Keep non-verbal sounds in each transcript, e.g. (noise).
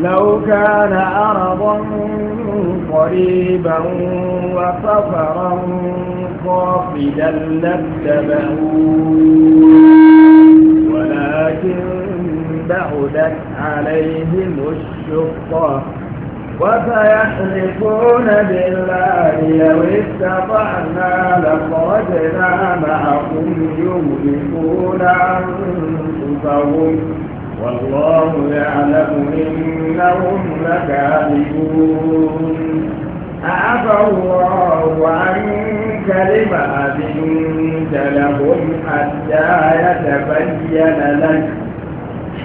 لو كان أرضا قريبا وسفرا قافدا لاتبعوه ولكن بعدت عليهم الشقة وسيحلفون بالله لو استطعنا لخرجنا معهم يهلكون أنفسهم والله يعلم إنهم لكاذبون أعفى الله عنك لما أذنت لهم حتى يتبين لك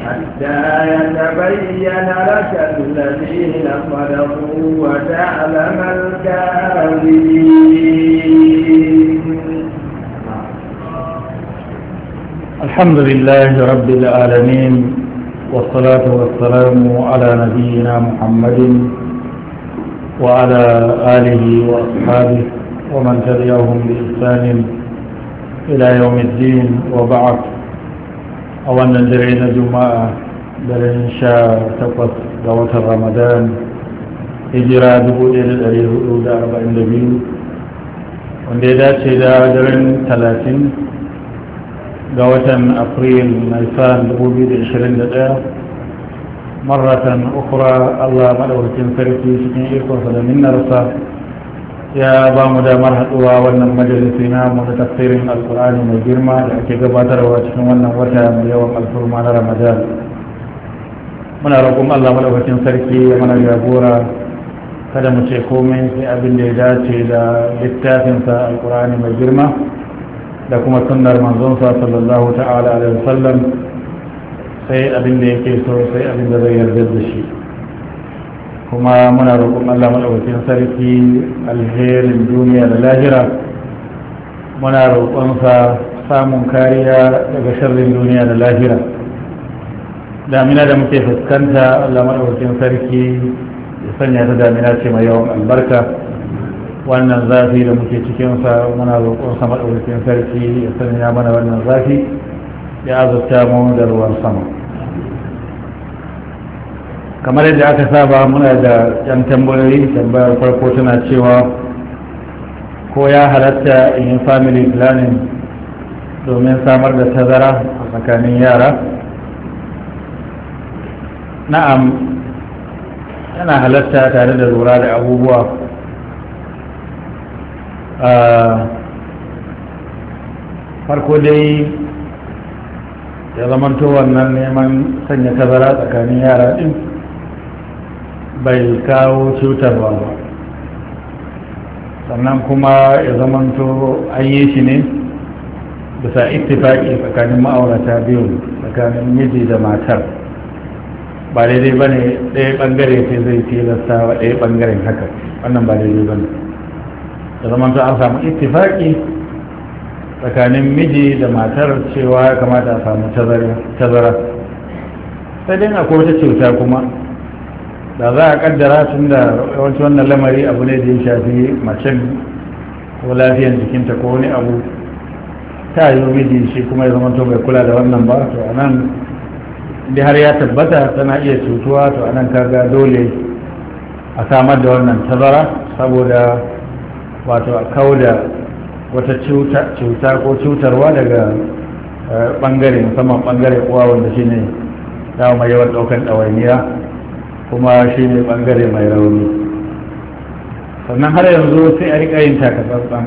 حتى يتبين لك الذين صدقوا وتعلم الكاذبين الحمد لله رب العالمين والصلاة والسلام على نبينا محمد وعلى آله وأصحابه ومن تبعهم بإحسان إلى يوم الدين وبعد أولا درعين جماعة درعين شاء تقص دوة رمضان هجرة دبود إلى الأريه الأولى أربعين دبيو وندي دا شيدا درعين ثلاثين ga watan april mai sa'an 2021 maratan ukura allah maɗaukacin sarki cikin ikonsa da minnarsa ya ba mu damar haɗuwa wannan majalisi na mu tafsirin alkur'ani mai girma da ake gabatarwa cikin wannan wata mai yawan alfurma na ramadan muna roƙon allah maɗaukacin sarki ya mana jagora kada mu ce komai sai abin da ya dace da littafinsa alkur'ani mai girma da kuma sunnar manzonsa sallallahu ta'ala alaihi wasallam sai abin da yake so sai abin da zai yarda da shi kuma muna roƙon Allah madaukakin sarki alherin duniya da lahira muna roƙonsa samun kariya daga sharrin duniya da lahira damina da muke fuskanta Allah madaukakin sarki ya sanya ta damina ce mai yawan albarka wannan zafi da muke cikinsa muna roƙon sama ɗaukakin sarki ya sanya mana wannan zafi ya azurta mu da ruwan sama kamar yadda aka saba muna da yan tambayoyi tambayar farko tana cewa ko ya halatta in yi family planning domin samar da tazara a tsakanin yara na'am yana halatta tare da lura da abubuwa farko dai ya zamanto wannan neman sanya kazara tsakanin yara din bai kawo cutarwa ba sannan kuma ya zamanto an yi shi ne bisa ittifaki tsakanin ma'aurata biyu tsakanin miji da matar ba daidai ba ne ɗaya ɓangare sai zai tilasta wa ɗaya ɓangaren haka wannan ba daidai ba ne da zaman an samu ittifaki tsakanin miji da matar cewa ya kamata a samu tazara sai dai na wata cuta kuma da za a kaddara tun da yawanci wannan lamari abu ne da ya shafi macen ko lafiyar jikinta ko wani abu ta yi miji shi kuma ya zama bai kula da wannan ba to a nan da har ya tabbata tana iya cutuwa to a nan kaga dole a samar da wannan tazara saboda wato a kawo da wata cuta ko cutarwa daga bangare eh, musamman bangare uwa wanda shine dawo mai yawan daukan ɗawainiya kuma shine bangare mai rauni sannan har yanzu sai a rika yin takatsantsan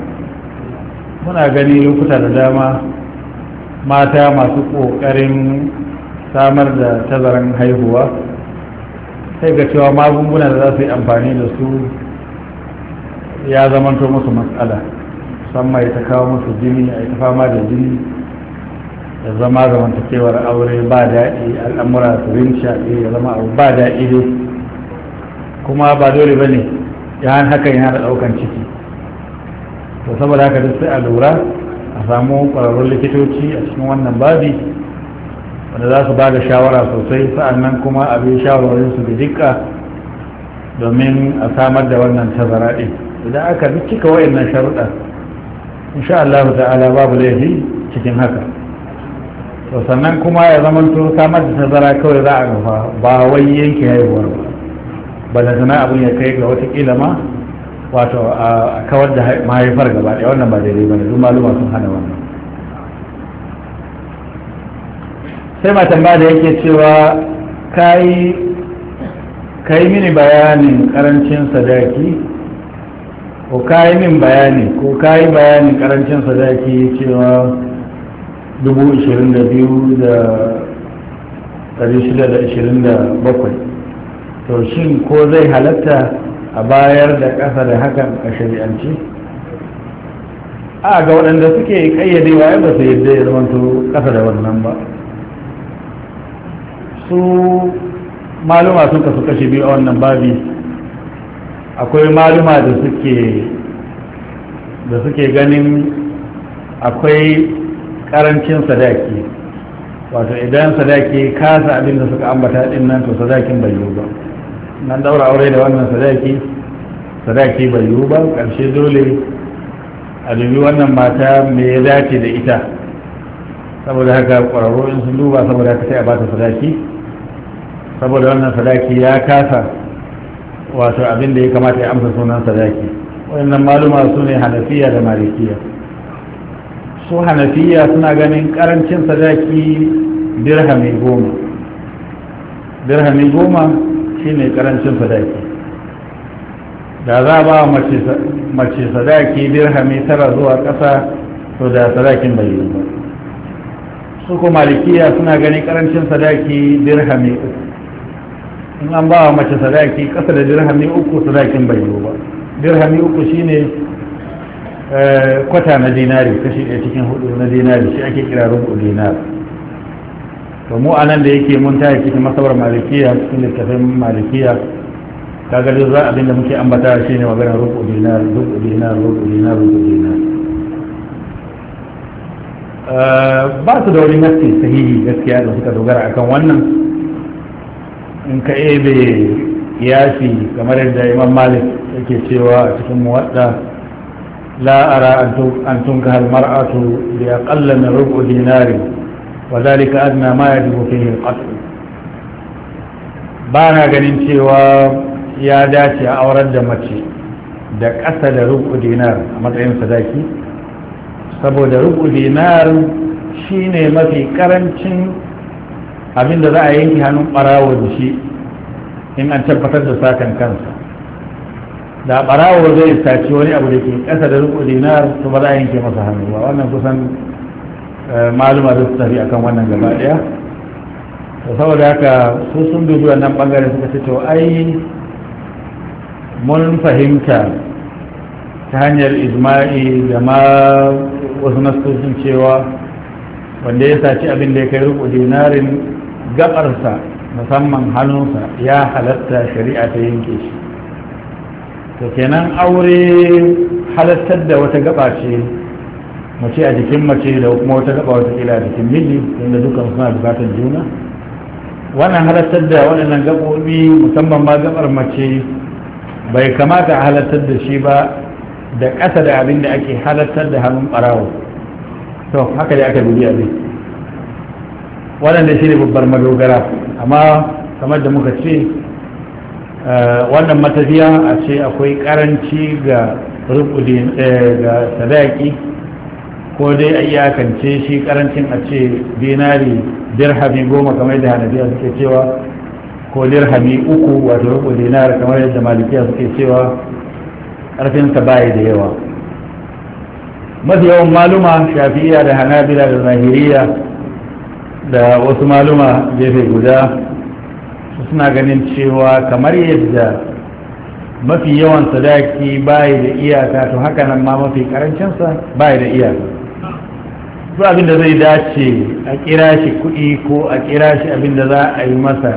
muna gani lokuta da dama mata masu ƙoƙarin samar da tazaran haihuwa sai ga cewa magunguna da za su yi amfani da su ya zamanto musu matsala musamman ya ta kawo musu jini a ta fama da jini ya zama zamantakewar aure ba daɗi al'amura su rinsha ya zama abu ba daɗi dai kuma ba dole ba ne ya hakan yana da ɗaukan ciki to saboda haka duk sai a lura a samu ƙwararrun likitoci a cikin wannan babi wanda za su ba da shawara sosai sa'annan kuma abin bi shawarwarinsu da dukka domin a samar da wannan tazara ɗin idan aka bi cika wayannan sharuɗa insha Allah ta'ala babu laifi cikin haka to sannan kuma ya zama to samar da tazara kawai za a gafa ba wai yanke haihuwar ba da sana abin ya kai ga watakila ma wato a kawar da mahaifar gaba ɗaya wannan ba daidai ba ne duk maluma sun hana wannan sai ma tambaya da yake cewa kai kai mini bayanin karancin sadaki ko kayi min bayani ko kayi bayanin karancin sadaki cewa 22,000 da 627 to shin ko zai halatta a bayar da ƙasa da hakan a shari'ance a ga waɗanda suke wa ba su yadda ya zamanto ƙasa da wannan ba su maluma sun kasu kashe biyu a wannan babi akwai maluma da suke da suke ganin akwai karancin sadaki wato idan sadaki kasa abin da suka ambata din nan to sadakin bai yiwu ba nan daura aure da wannan sadaki sadaki bai yiwu ba karshe dole a dubi wannan mata me ya dace da ita saboda haka kwararru in sun duba saboda haka sai a bata sadaki saboda wannan sadaki ya kasa wato abin da ya kamata ya amsa sunan sadaki wannan maluma su ne hanafiya da malikiya su hanafiya suna ganin karancin sadaki dirhami goma dirhami goma shine karancin sadaki da za ba mace sadaki dirhami tara zuwa ƙasa to da sadakin bai yi ba su ko malikiya suna ganin karancin sadaki dirhami uku in an ba wa mace sadaki kasa da dirhami uku sadakin bai zo ba dirhami uku shine eh, kwata na dinari kashi ɗaya cikin hudu na dinari shi ake kira rubu dinar to mu anan da yake mun taya cikin masabar malikiya cikin littafin malikiya kaga duk za abin da muke ambata shine maganar rubu dinar rubu dinar rubu dinar rubu dinar eh, ba su da wani nasti sahihi gaskiya da suka dogara akan wannan in ka ebe yafi kamar yadda imam malik yake cewa a cikin muwadda la ara an tunka hal mar'atu bi aqalla min rubu dinari wa zalika adna ma yajibu fihi al-qatl ba na ganin cewa ya dace a aurar da mace da ƙasa da rubu dinar a matsayin sadaki saboda rubu dinar shine mafi karancin da za a yanki hannun ɓarawo da shi in an tabbatar da sakan kansa da ɓarawo zai saci wani abu da ke kasa da riko dinar su ba za a yanke masa hannu ba wannan kusan eh, maluma da su tafi akan wannan gaba ɗaya da saboda haka su sun dubi wannan ɓangaren suka ce to ai mun fahimta ta hanyar ijma'i da ma wasu sun cewa wanda ya saci abin da ya kai riko dinarin gabarsa musamman hannunsa ya halatta shari'a ta yanke shi to kenan aure halattar da wata gaba ce mace a jikin mace da kuma wata gaba wata kila a jikin miji inda dukkan suna bukatar juna wannan halattar da waɗannan gabobi musamman ma gabar mace bai kamata a halattar da shi ba da ƙasa da abin da ake halattar da hannun ɓarawo to haka da aka dubi abin waɗanda shi ne babbar madogara amma kamar da muka ce eh, wannan matafiya a ce akwai karanci eh, ga sadaki ko dai a iyakance shi karancin a ce dinari dirhami goma kamar da hanabiya suke cewa ko dirhami uku wato rubu na kamar yadda malikiya suke cewa karfinsa bayi da yawa mafi yawan maluma shafi'iya da hanabila da zahiriya da wasu maluma gefe guda suna ganin cewa kamar yadda mafi yawan sadaki bayi da iyaka to haka nan ma mafi karancinsa bayi da iyaka su abin da zai dace a kira shi kuɗi ko a kira shi abin da za a yi masa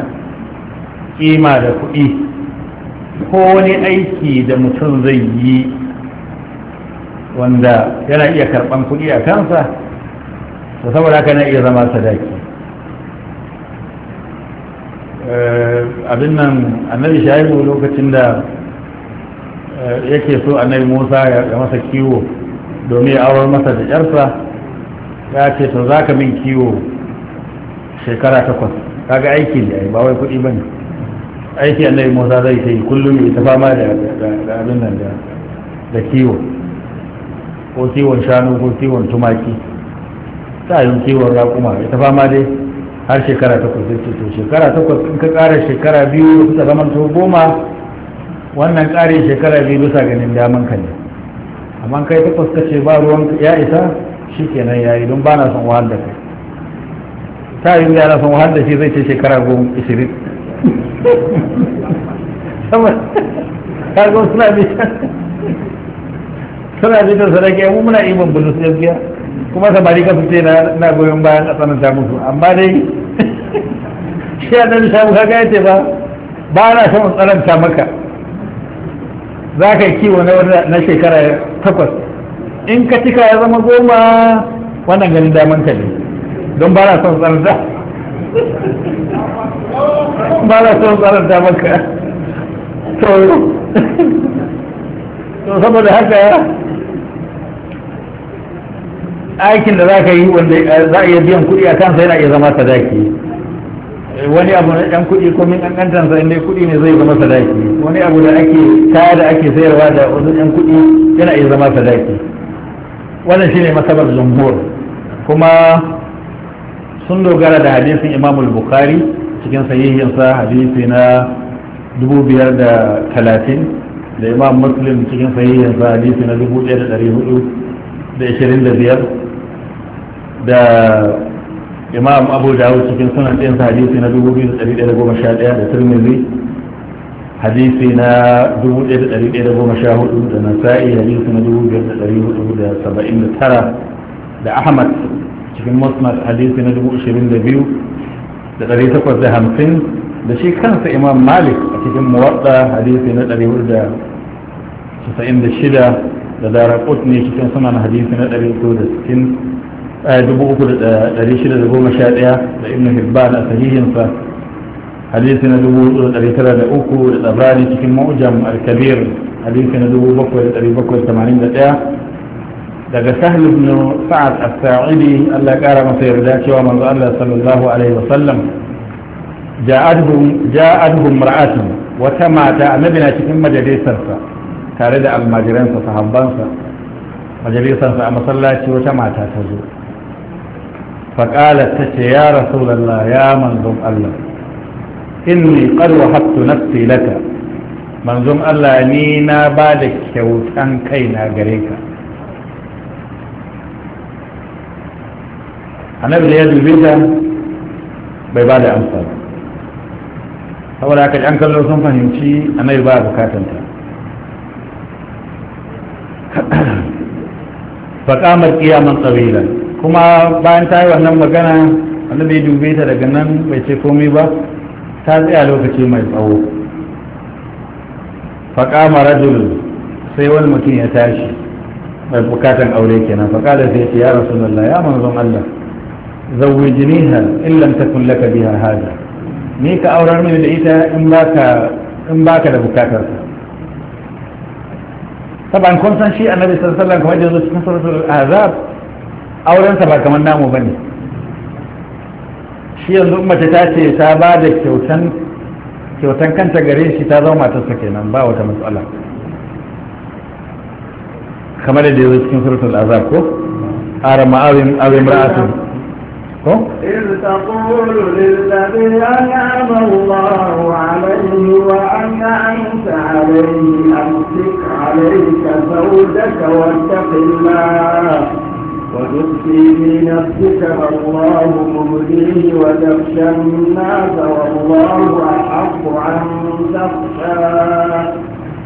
kima da kuɗi ko wani aiki da mutum zai yi wanda yana iya karɓan kuɗi a kansa saboda haka na iya zama sadaki Eh, abin nan annabi shaibu lokacin da eh, yake so annabi musa ya masa kiwo domin ya aurar masa da yarsa ya ce to za ka min kiwo shekara takwas kaga aiki ne ba wai kuɗi ba ne aiki annabi musa zai ta yi kullum ya tafa fama da abin nan da kiwo ko kiwon shanu ko kiwon tumaki ta yi kiwon raƙuma ya tafa fama dai har shekara takwas da ce to shekara takwas in ka ƙara shekara biyu da kusa zaman to goma wannan ƙarin shekara biyu bisa ganin daman ka ne amma kai takwas ka ce ba ruwan ya isa shi kenan ya yi don ba na son wahal da kai ta yi ya na son wahal da shi zai ce shekara goma ishirin kaga suna bishan suna bishan sadaki ya mummuna iman bulus biya. kuma samari kasu ce na goyon bayan a tsananta mutu amma dai (laughs) shi a ɗan shabu kaga ya ce ba ba na son tsananta maka za ka yi kiwo na shekara takwas in ka cika ya zama goma wannan ganin daman ka ne don ba na son tsananta (laughs) ba na son tsananta maka to (laughs) saboda haka aikin da za ka yi wanda eh, za a iya biyan kuɗi a kansa yana iya zama sadaki eh, wani abu na ɗan kuɗi ko min ƙanƙantansa inda kuɗi ne zai zama sadaki wani abu da ake kaya da ake sayarwa da wasu ɗan kuɗi yana iya zama sadaki wannan shine masabar jumhur kuma sun dogara da hadisin imam bukhari cikin sahihinsa hadisi na dubu biyar da talatin da imam muslim cikin sahihinsa hadisi na dubu ɗaya da da da ɗari ashirin biyar. da imam abu dawud cikin sunan ɗin hadisi na 2111 da tirmidhi hadisi na 1114 da nasa'i hadisi na 2479 da ahmad cikin musnad hadisi na 22 da 850 da shi kansa imam malik a cikin muwadda hadisi na 496 da darakot ne cikin sunan hadisi na 360 3,611 da ibn hibban a sahihinsa hadisi na 3,903 da tsabari cikin ma'ujam al-kabir hadisi na 7,781 daga sahal ibn sa'ad as-sa'idi Allah ya kara masa yarda cewa manzo Allah sallallahu alaihi wasallam ja'adhum ja'adhum ra'atun wata mata annabi na cikin majalisarsa tare da almajiransa sahabbansa majalisarsa a masallaci wata mata ta zo فقالت يا رسول الله يا من ذم الله إني قد وهبت نفسي لك من ذم الله نينا بالك شوطان كينا غريكا أنا بدي أجل بيجا بيبالي أمصر أولا أكد أنك لو سنفهم فهمتي أنا يبالي كاتنتا (coughs) فقامت قياما طويلا kuma bayan ta yi wannan magana wanda bai dube ta daga nan bai ce komai ba ta tsaya lokaci mai tsawo faƙa marajul sai wani mutum ya tashi mai bukatan aure kenan faƙa da sai ce ya rasu rasulullah ya manzon Allah zawwijniha in lam takun laka biya hada ni ka aurar mai da ita in ba ka da bukatar ta saban kun san shi annabi sallallahu alaihi wasallam kamar da yake cikin suratul azab aurensa ba kamar namu ba ne shi yanzu mace ta ce ta ba da kyautan kanta gare shi ta zama matarsa kenan ba wata matsala kamar da yanzu cikin suratul azab ko ara ma'awin awin ra'atu ko iz taqulu lil ladhi an'ama Allahu alayhi wa anta alayhi amsik alayka zawjaka wattaqillah وتبكي في نفسك فالله مبديه وتخشى الناس والله أحق أن تخشاه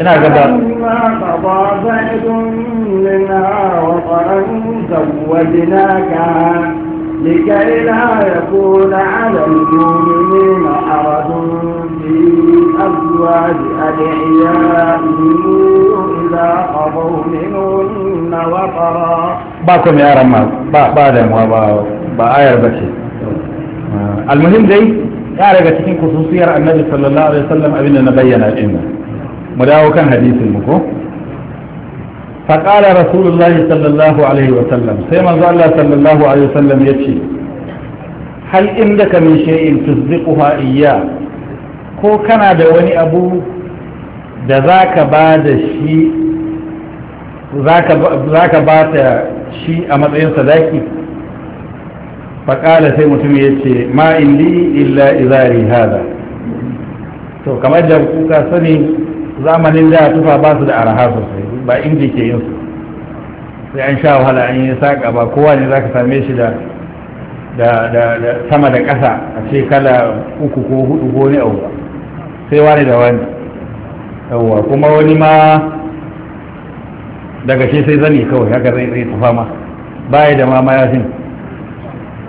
ina gaba فضى زيد منها وطرا زوجناك لكي لا يكون على المؤمنين حرج في أزواج أدعيائهم إذا قضوا منهن وطرا باكم يا رمال بعد بآير بشي المهم دي يعرف تكين خصوصية النبي صلى الله عليه وسلم أبننا بينا الإمام مداوكا حديث المكو faƙala rasulullahi sallallahu alaihi wasallam sai manzo Allah sallallahu alaihi wasallam ya ce hal inda ka min shay'in tuzdiquha iyya ko kana da wani abu da zaka ba da shi a matsayin sadaki faƙara sai mutum ya ce ma indi illa izari hada to kamar da kuka sani zamanin da tufa basu da araha sosai ba inji ke yin su sai an sha wahala an yi saƙa ba kowa ne za ka same shi da sama da ƙasa a ce kala uku ko hudu ko ne abu sai wani da wani yawwa kuma wani ma daga shi sai zane kawai haka zai zai tafa ma baya da ma mayafin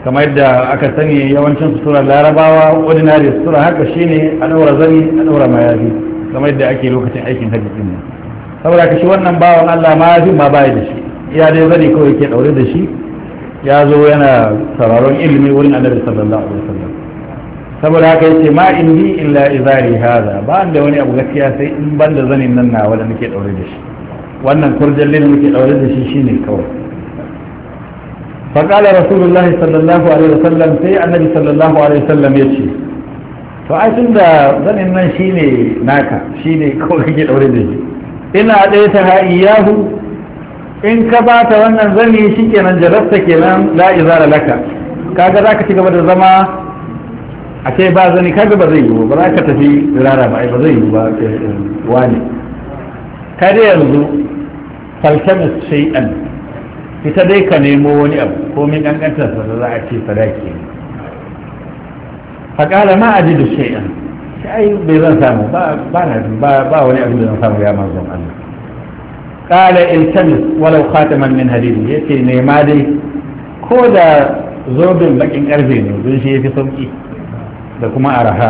kamar yadda aka sani yawancin sutura larabawa ordinary sutura haka shine a daura zani a daura mayafi kamar yadda ake lokacin aikin hajji ne saboda ka shi wannan bawan Allah ma yafin ma baya da shi ya dai bane kawai ke daure da shi ya zo yana sauraron ilimi wurin annabi sallallahu alaihi wasallam saboda haka yace ma indi illa izari hada ba da wani abu gaskiya sai in ban da zanin nan na wanda nake daure da shi wannan kurjallin muke daure da shi shine kawai فقال رسول الله صلى الله عليه وسلم سي النبي صلى الله عليه وسلم يشي فأي تندى ظن إن شيني ناكا شيني كوكي دوري دي ina ɗaya ta ha'iyahu in ka ba ta wannan zani shi kenan jarabta kenan la izara laka kaga za ka ci gaba da zama a ce ba zani kaga ba zai yiwu ba za ka tafi rara ba ba zai yiwu ba eh, eh, wani ka yanzu falkamis shay'an ita dai ka nemo wani abu ko min kankantar sa za a ce sadaki ne fa qala ma ajidu shay'an ai bai zan samu ba ba wani abin da zan samu ya manzon Allah qala iltamis walau khataman min hadid yace ma dai ko da zobin bakin karfe ne don shi yafi sauki da kuma araha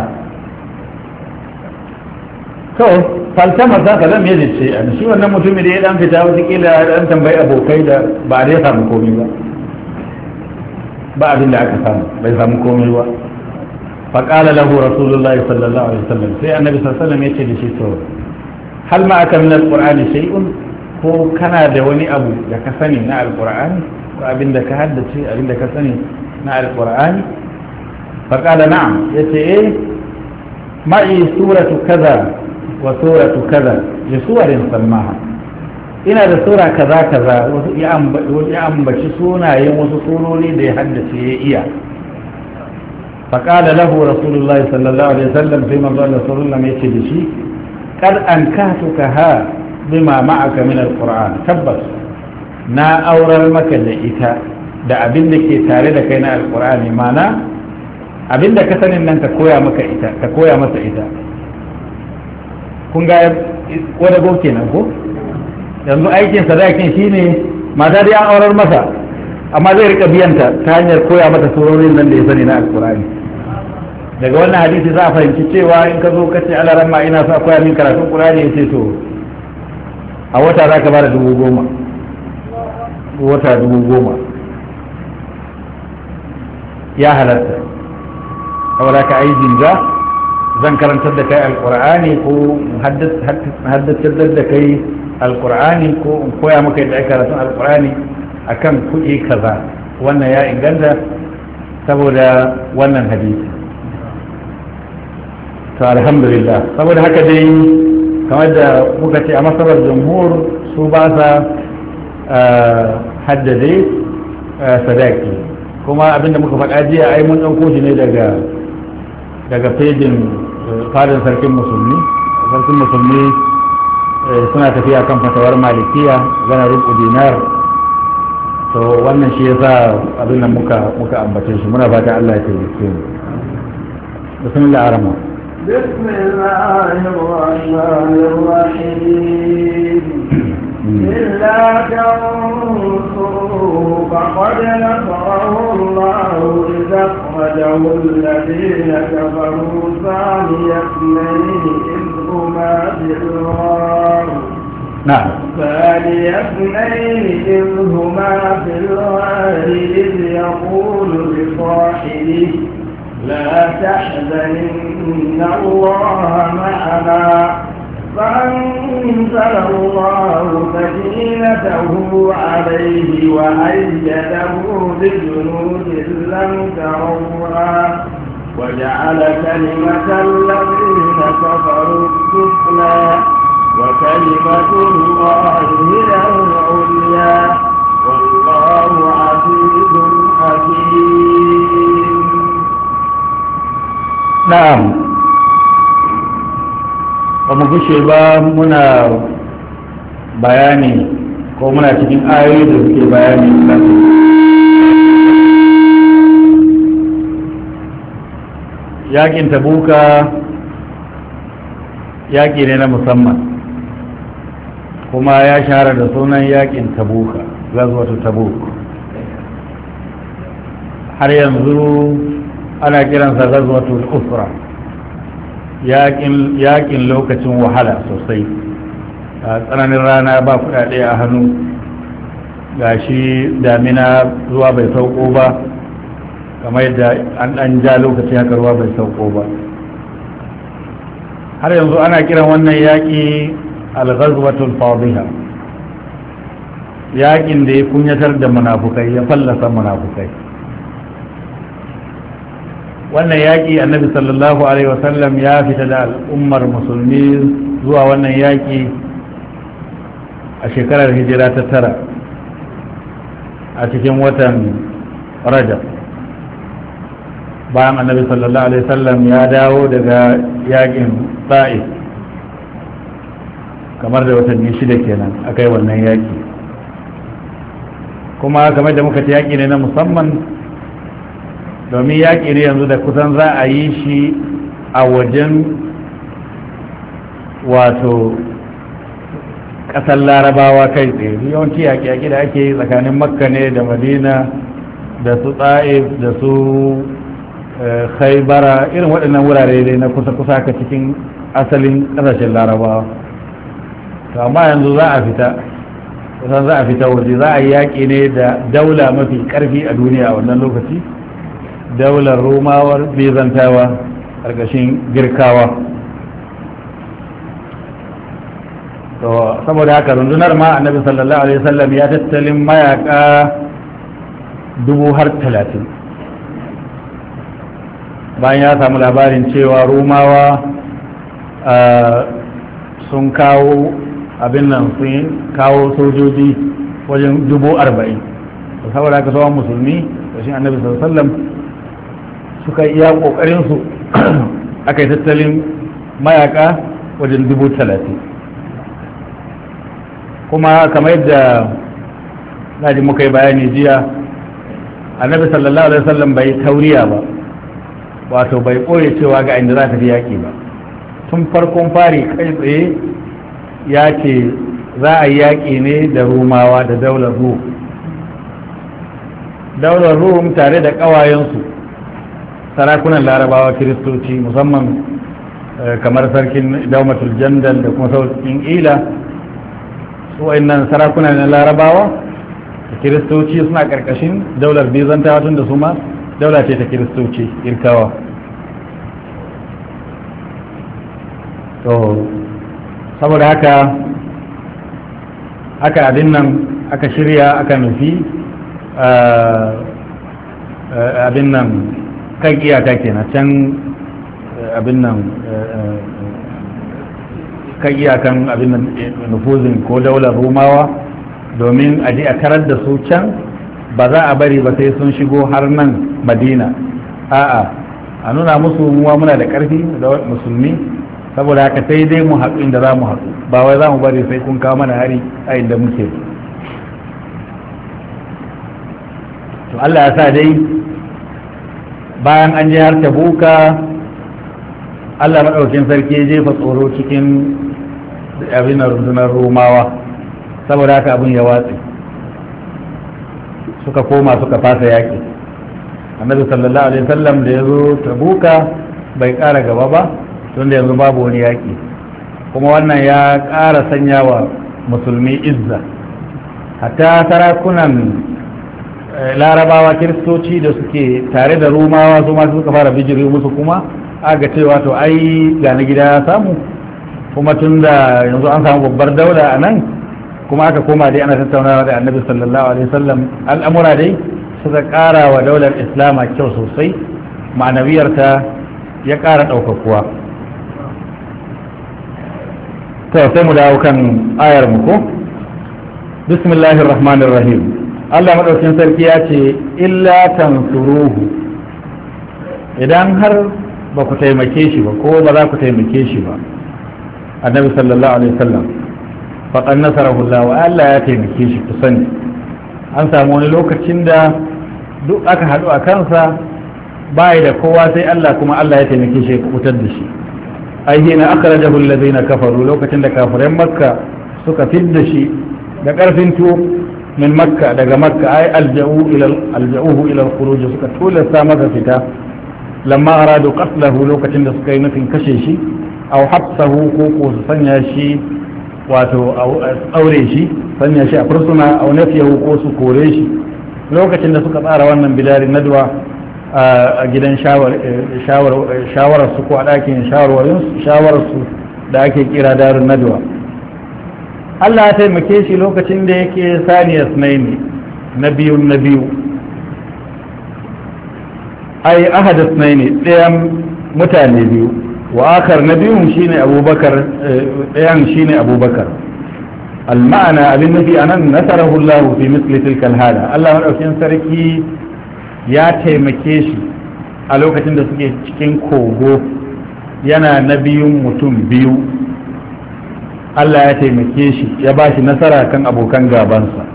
to faltama za ka zan yaji ce a shi wannan mutumin da ya dan fita wata kila dan tambayi abokai da ba a dai samu komai ba ba abin da aka samu bai samu komai ba فقال له رسول الله صلى الله عليه وسلم سي النبي صلى الله عليه وسلم يتي تو هل معك من القران شيء ko kana da wani abu da ka sani na alqur'ani ko abin da ka haddace abin da ka sani na alqur'ani faqala na'am yace eh ma'i suratu kaza wa suratu kaza li suwarin samaha ina da sura kaza kaza ya ambaci sunayen wasu surori da ya haddace ya iya فقال له رسول الله صلى الله عليه وسلم فيما قال رسول الله يتي دشي قد أنكهتك ها بما معك من القرآن تبس نا أورا مك لإتا da abin da ke tare da kai na alkur'ani mana abin da ka sanin nan ta koya maka ita ta koya masa ita kun ko yanzu aikin sadakin shine mata dai an aurar masa amma zai rika biyanta ta hanyar koya mata surorin nan da ya sani na alkur'ani daga wannan hadisi za a fahimci cewa in ka zo kace ala ramma ina sa koya min karatun qur'ani yace to a wata za ka bada dubu goma wata dubu goma ya halatta saboda ka ai jinja zan karantar da kai alqur'ani ko haddasar da kai alqur'ani ko in koya maka yadda aka karatun alqur'ani akan kuɗi kaza wannan ya inganta saboda wannan hadisi to alhamdulillah saboda haka dai kamar da muka ce a masarar jamhur su ba sa eh, haddade eh, sadaki kuma abinda muka faɗa jiya ai mun ɗauko shi ne daga daga fejin eh, farin sarkin musulmi sarkin musulmi suna tafiya kan fatawar malikiya zana rubu dinar to wannan shi yasa abin nan muka ambace shi muna fata Allah ya taimake mu bismillahir rahmanir بسم الله الرحمن الرحيم إلا تنصروا فقد نصره الله إذا أخرجه الذين كفروا ثاني اثنين إذ هما في الغار نعم ثاني اثنين إذ هما في الغار إذ يقول لصاحبه لا تحزن إن الله معنا فأنزل الله سكينته عليه وأيده بجنود لم تروها وجعل كلمة الذين كفروا السفلى وكلمة الله هي العليا والله عزيز حكيم na'am ba mu gushe ba muna bayani ko muna cikin ayoyi da suke bayani yakin tabuka yaƙi ne na musamman kuma ya shahara da sunan yakin tabuka gazuwatu tabuk har yanzu ana kiransa ghazwatul usra yakin lokacin wahala sosai a tsananin rana ba kudade a hannu gashi damina zuwa bai sauko ba kamar yadda an dan ja lokacin haka ruwa bai sauko ba har yanzu ana kiran wannan yaƙi al-ghazwatul fadhiha yaƙin da ya kunyatar da munafukai ya fallasa munafukai wannan yaƙi annabi sallallahu alaihi wasallam ya fita da al'ummar musulmi zuwa wannan yaƙi a shekarar hijira ta tara a cikin watan rajab bayan annabi sallallahu alaihi wasallam ya dawo daga yaƙin sai kamar da watanni shida kenan akai wannan yaƙi kuma kamar da muka ta yaƙi ne na musamman domin ya kiri yanzu da kusan za a yi shi a wajen wato ƙasar larabawa kai tsaye yawanci yaƙi-yaƙi da ake yi tsakanin makka ne da madina da su tsa'if da su eh, khaibara irin waɗannan wurare dai na kusa-kusa ka cikin asalin ƙasashen larabawa to amma yanzu za a fita kusan za a fita waje za a yi yaƙi ne da daula mafi ƙarfi a duniya a wannan lokaci daular romawar bizantawa ƙarƙashin girkawa to saboda haka rundunar ma annabi sallallahu alaihi wasallam ya tattalin mayaka dubu har talatin bayan ya samu labarin cewa rumawa sun kawo abin nan sun kawo sojoji wajen dubu arba'in saboda haka sauran musulmi da shi annabi sallallahu alaihi wasallam suka iya ƙoƙarinsu (clears throat) aka yi tattalin mayaka wajen dubu talatin kuma kamar yadda naji muka yi bayani jiya annabi sallallahu alaihi wasallam bai tauriya ba wato bai ɓoye cewa ga inda za ta fi yaƙi ba tun farkon fari kai tsaye ya ce za a yi yaƙi ne da rumawa da daular ruhu daular ruhun tare da ƙawayensu sarakunan larabawa kiristoci musamman eh, kamar sarkin daumatul jandal da kuma sauƙin ila su wayannan sarakunan na larabawa kiristoci suna ƙarƙashin daular bizantawa tun da su ma daula ce ta kiristoci irkawa to saboda haka aka abin nan aka shirya aka nufi eh, eh, abin nan kan iyaka kenan can eh, abin nan eh, eh, kan iyakan abin nan nufuzin ko daular rumawa domin a je a karar da su can ba za a bari ba sai sun shigo har nan madina a'a a nuna musu muwa muna da karfi da musulmi saboda haka sai dai mu haɗu inda za mu haɗu ba wai za mu bari sai kun kawo mana hari a inda muke to Allah ya sa dai bayan an je har tabuka allah maɗaukin sarki ya jefa tsoro cikin abin rundunar romawa saboda haka abin ya watsi suka koma suka fasa yaƙi annabi sallallahu alaihi wasallam da ya zo tabuka bai ƙara gaba ba tun da yanzu babu wani yaƙi kuma wannan ya ƙara sanya wa musulmi izza hatta sarakunan larabawa kiristoci da suke tare da rumawa su ma suka fara bijiri musu kuma aga cewa to ai ga na gida ya samu kuma tun da yanzu an samu babbar daula a nan kuma aka koma dai ana tattaunawa da annabi sallallahu alaihi wasallam al'amura dai suka kara wa daular islama kyau sosai ma'anawiyarta ya kara ɗaukakuwa to sai mu dawo kan ayar mu ko bismillahir Allah madaukin sarki ya ce illa tansuruhu idan har ba ku taimake shi ba ko ba za ku taimake shi ba annabi sallallahu alaihi wasallam faqad nasarahu Allah wa Allah ya taimake shi ku sani an samu wani lokacin da duk aka haɗu a kansa bai da kowa sai Allah kuma Allah ya taimake shi ya kubutar da shi ai hina akhrajahu alladhina kafaru lokacin da kafiran makka suka fidda shi da karfin tuwo min makka daga makka ai alja'uhu ila al suka suka sa masa fita lamma aradu qatlahu lokacin da suka yi nufin kashe shi aw habsahu ko ko su sanya shi wato aure shi sanya shi a fursuna aw nafiyahu ko su kore shi lokacin da suka tsara wannan bidari nadwa a gidan eh, eh, shawarar su ko a ɗakin shawarwarin su da ake kira darin nadwa Allah ya taimake shi lokacin da yake saniya naini na biyu na biyu ai ahadas naini ɗayan mutane biyu wa akar na biyun shine abubakar eh, ɗayan ne abubakar Al-ma'ana abin nufi anan nasarahu Allah fi misli tilka alhala Allah madaukakin sarki ya taimake shi a lokacin da suke cikin kogo yana na biyun mutum biyu Allah ya taimake shi ya ba shi nasara kan abokan gabansa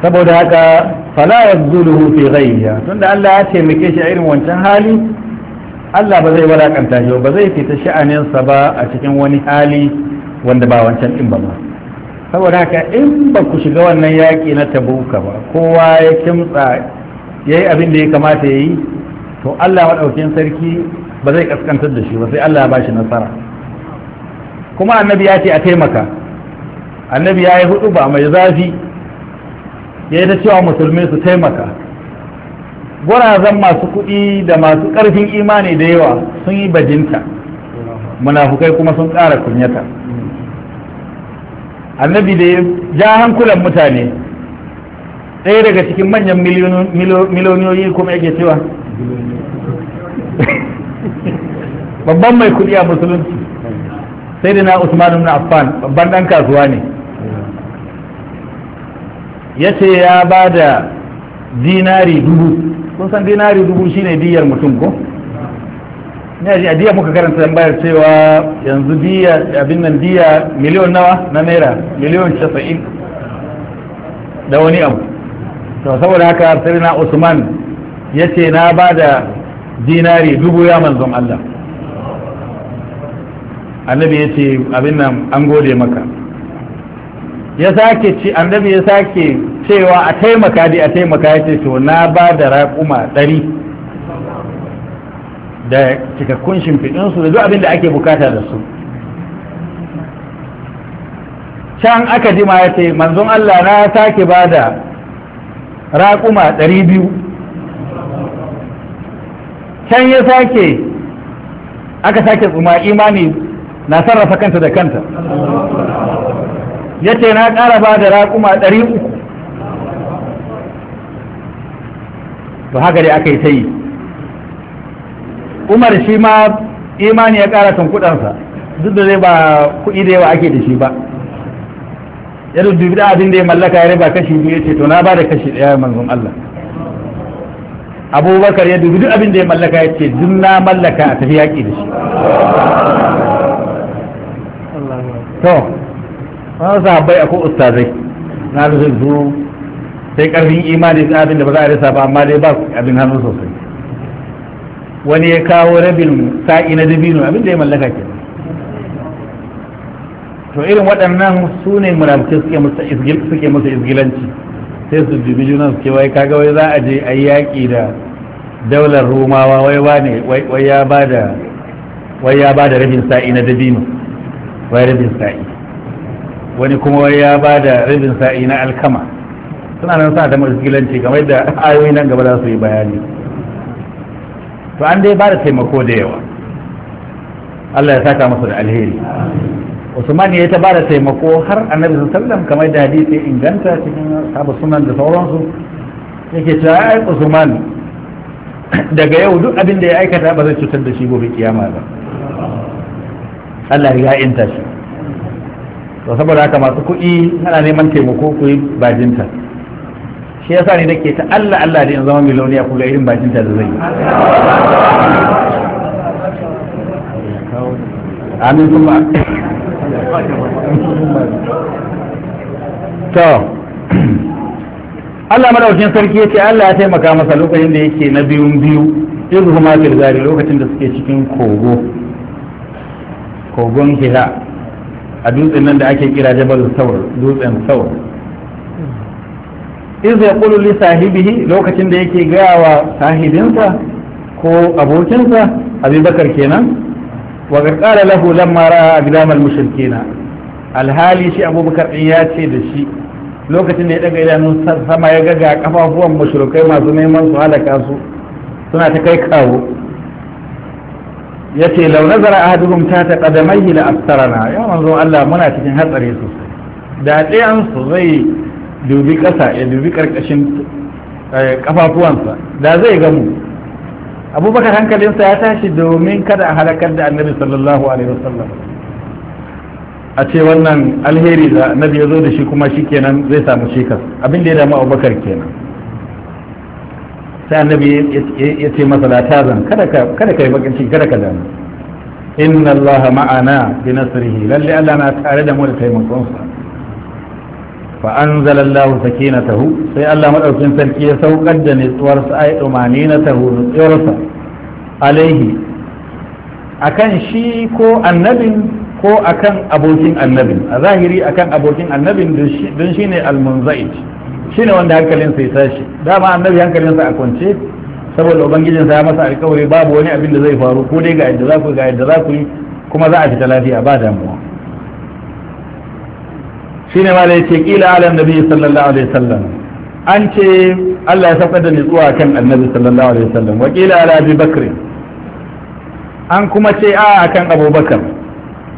saboda haka fala yazuluhu fi ghayya tunda Allah ya taimake shi a irin wancan hali Allah ba zai walakanta shi ba zai fita sha'aninsa ba a cikin wani hali wanda ba wancan din ba ma saboda haka in ba ku shiga wannan yaƙi na tabuka ba kowa ya kimtsa ya yi abin da ya kamata ya yi to Allah maɗaukin sarki ba zai kaskantar da shi ba sai Allah ya ba shi nasara kuma annabi ya ce a taimaka annabi ya yi hudu ba mai zafi ya yi ta cewa musulmi su taimaka gwarazan masu kuɗi da masu ƙarfin imani da yawa sun yi bajinta munafukai kuma sun ƙara kunyata annabi da ya ja hankulan mutane ɗaya daga cikin manyan miliyoniyoyi kuma yake cewa (laughs) babban mai kuɗi a musulunci sai da na usman ibn affan babban dan kasuwa ne ya ce ya ba da dinari dubu kun san dinari dubu shine diyar mutum ko ne a diya muka karanta tambayar cewa yanzu diya abin nan diya miliyon nawa na naira miliyon 90 da wani abu to saboda haka sai na usman ya ce na ba da dinari dubu ya manzon Allah annabi ya ce abin nan an gode maka ya sake ci annabi ya sake cewa a taimaka dai a taimaka ya ce to na ba da raƙuma ɗari da cikakkun shimfiɗinsu da duk abin da ake bukata da su can aka jima ya ce manzon Allah na sake ba da raƙuma ɗari biyu can ya sake aka sake tsuma imani na sarrafa kanta da kanta ya ce na ƙara ba da raƙuma ɗari uku to haka dai aka yi ta yi umar shi ma imani ya ƙara tun kuɗansa, duk da zai ba kuɗi da yawa ake da shi ba ya dubi da abin da ya mallaka ya riba kashi biyu ya ce to na ba da kashi ɗaya manzon Allah abubakar ya dubi duk abin da ya mallaka ya ce duk na mallaka a tafi yaƙi da shi to wani sahabbai ko ustazai na da su sai karfin imani da abin da ba za a rasa ba amma dai ba abin hannu sosai wani ya kawo rabin sa'i na dabino abin da ya mallaka ke to irin waɗannan su ne murabukai suke musu izgilanci sai su juna su suke wai kaga wai za a je a yi yaƙi da daular romawa wai ya ba da rabin sa'i na dabino wai rabin sa'i wani kuma wai ya ba da rabin sa'i na alkama suna nan sa ta masgilanci kamar da ayoyi nan gaba za su yi bayani to an dai ba da taimako da yawa Allah ya saka masa da alheri Usman ya ta ba da taimako har annabi sallam kamar da hadisi inganta cikin sabu sunan da sauransu yake ta ai Usman daga yau duk abin da ya aikata ba zai cutar da shi gobe kiyama ba Allah ya inta shi to saboda haka masu kuɗi ana neman taimako ku yi bajinta shi yasa ne nake ta Allah Allah da in zama miloniya ku ga irin bajinta da zai amin kuma to Allah madaukin sarki ce Allah ya taimaka masa lokacin da yake na biyun biyu irin kuma fil gari lokacin da suke cikin kogo kogon hira a dutsen nan da ake kira jabal saur dutsen saur iz ya kulu li sahibihi lokacin da yake gaya wa sahibinsa ko abokinsa abubakar kenan wa qala lahu lamma ra'a aqdam al-mushrikeena alhali shi abubakar din ya ce da shi lokacin da ya daga idanun sama ya ga ga kafafuwan mushrikai masu neman su halaka su suna ta kai kawo yace law nazara ta ta qadamayhi la astarana ya manzo Allah muna cikin hatsari sosai da ɗayan su zai dubi ƙasa ya dubi karkashin kafafuwansa eh, da zai gamu abubakar hankalinsa ya tashi domin kada a halakar da annabi sallallahu alaihi wasallam a ce wannan alheri da annabi ya zo da shi kuma shikenan zai samu shikas abin da ya damu abubakar kenan sai annabi ya ce masa la tazan kada ka yi bakin ciki kada ka damu inna allaha ma'ana bi nasrihi lalle Allah na tare da mu da taimakonsa fa anzala Allahu sakinatahu sai Allah madaukin sarki ya saukar da nutsuwar sa ay umaninatahu nutsuwar sa alaihi akan shi ko annabin ko akan abokin annabin a zahiri akan abokin annabin don shine al-munzaij Shi ne wanda hankalinsa ya tashi dama annabi hankalinsa a kwance saboda ubangijinsa ya masa alkawari babu wani abin da zai faru ko dai ga yadda za ku ga yadda za ku yi kuma za a fita lafiya ba damuwa Shi ne malai yace kila ala Nabi sallallahu alaihi wasallam an ce Allah ya saukar da nutsuwa kan annabi sallallahu alaihi wasallam wa kila ala abi bakr an kuma ce a akan abubakar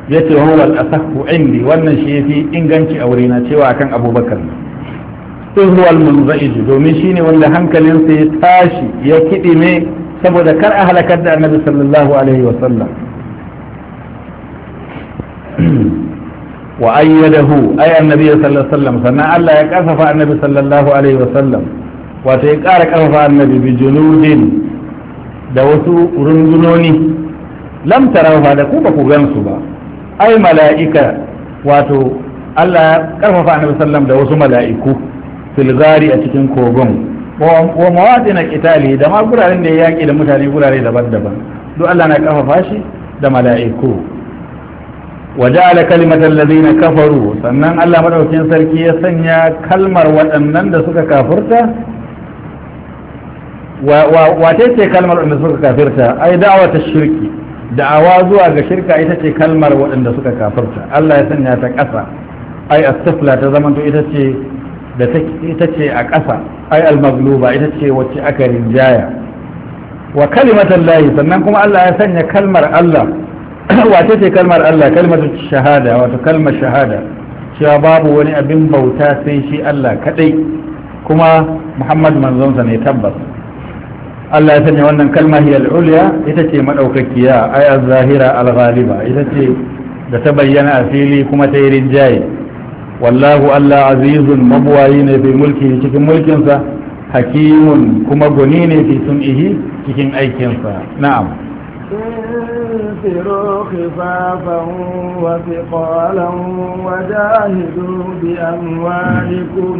ya ce huwa al-asahhu indi wannan shi yafi inganci a wurina cewa akan abubakar ne in huwa al-munzaij domin ne wanda hankalinsa ya tashi ya kidime saboda kar a halakar da annabi sallallahu alaihi wa sallam (clears throat) wa ayyadahu ay annabi sallallahu alaihi wa sallam sannan Allah ya kasafa annabi sallallahu alaihi wa sallam wato ya ƙara kasafa annabi bi junudin da wasu rundunoni lam tarawa da ku ba ku gansu ba ai mala'ika wato Allah ya ƙarfafa annabi sallam da wasu mala'iku filgari a cikin kogon wa mawatin kitali da ma guraren da ya yaƙi da mutane gurare daban-daban duk Allah na kafafa shi da mala'iku wa ja'ala kalimatal ladina kafaru sannan Allah madaukakin sarki ya sanya kalmar waɗannan da suka kafurta wace ce kalmar waɗanda suka kafirta ai da'awa ta shirki da'awa zuwa ga shirka ita ce kalmar waɗanda suka kafirta Allah ya sanya ta ƙasa ai astafla ta zamanto ita ce da ita ce a ƙasa ai almagluba ita ce wacce aka rinjaya wa kalimatan lahi sannan kuma Allah ya sanya kalmar Allah (clears throat) wace ce kalmar Allah kalmar shahada wato kalmar shahada cewa babu wani abin bauta sai shi Allah kadai kuma Muhammad manzonsa ne tabbas Allah ya sanya wannan kalma hiya al-ulya ita ce madaukakiya ai az-zahira al-ghaliba ita ce da ta bayyana a fili kuma ta yi rinjaye wallahu Allah azizun mabuwayi ne fi mulki cikin mulkinsa hakimun kuma goni ne fi sun ihi cikin aikinsa na'am انفروا خفافا وثقالا وجاهدوا بأموالكم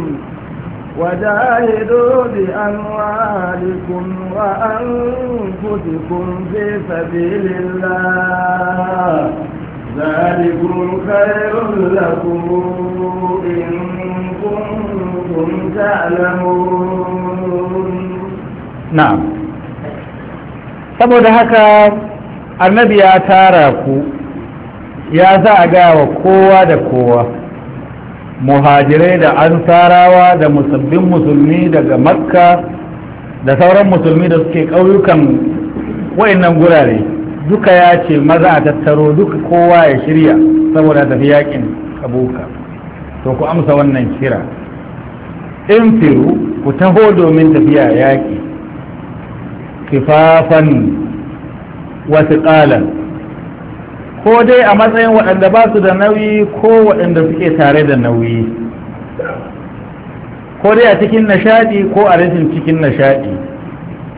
وجاهدوا بأموالكم وأنفسكم في سبيل الله ذلكم خير لكم إن كنتم تعلمون نعم saboda haka annabi ya tara ku ya za a gawa kowa da kowa muhajirai da ansarawa da musabbin musulmi daga makka da sauran musulmi da suke ƙauyukan wayannan gurare duka ya ce maza a tattaro duk kowa ya shirya saboda tafi yakin kabuka to ku amsa wannan kira in firu ku taho domin tafiya yaƙi kifafan wasu ƙalan ko dai a matsayin waɗanda ba su da nauyi ko waɗanda suke tare da nauyi ko dai a cikin nashaɗi ko a rashin cikin nishaɗi